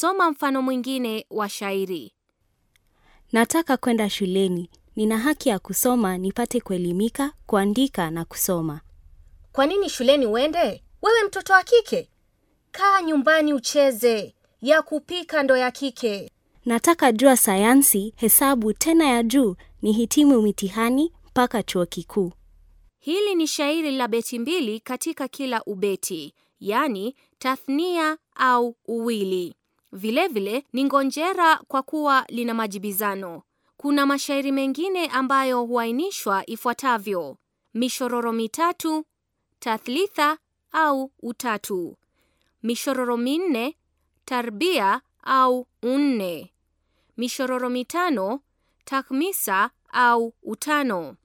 Soma mfano mwingine wa shairi. Nataka kwenda shuleni. Nina haki ya kusoma, nipate kuelimika, kuandika na kusoma. Kwa nini shuleni uende? Wewe mtoto wa kike, kaa nyumbani ucheze. Ya kupika ndo ya kike. Nataka jua sayansi, hesabu tena ya juu, nihitimu mitihani mpaka chuo kikuu. Hili ni shairi la beti mbili katika kila ubeti, yaani tathnia au uwili. Vilevile ni ngonjera kwa kuwa lina majibizano. Kuna mashairi mengine ambayo huainishwa ifuatavyo: mishororo mitatu, tathlitha au utatu, mishororo minne, tarbia au unne, mishororo mitano, takmisa au utano.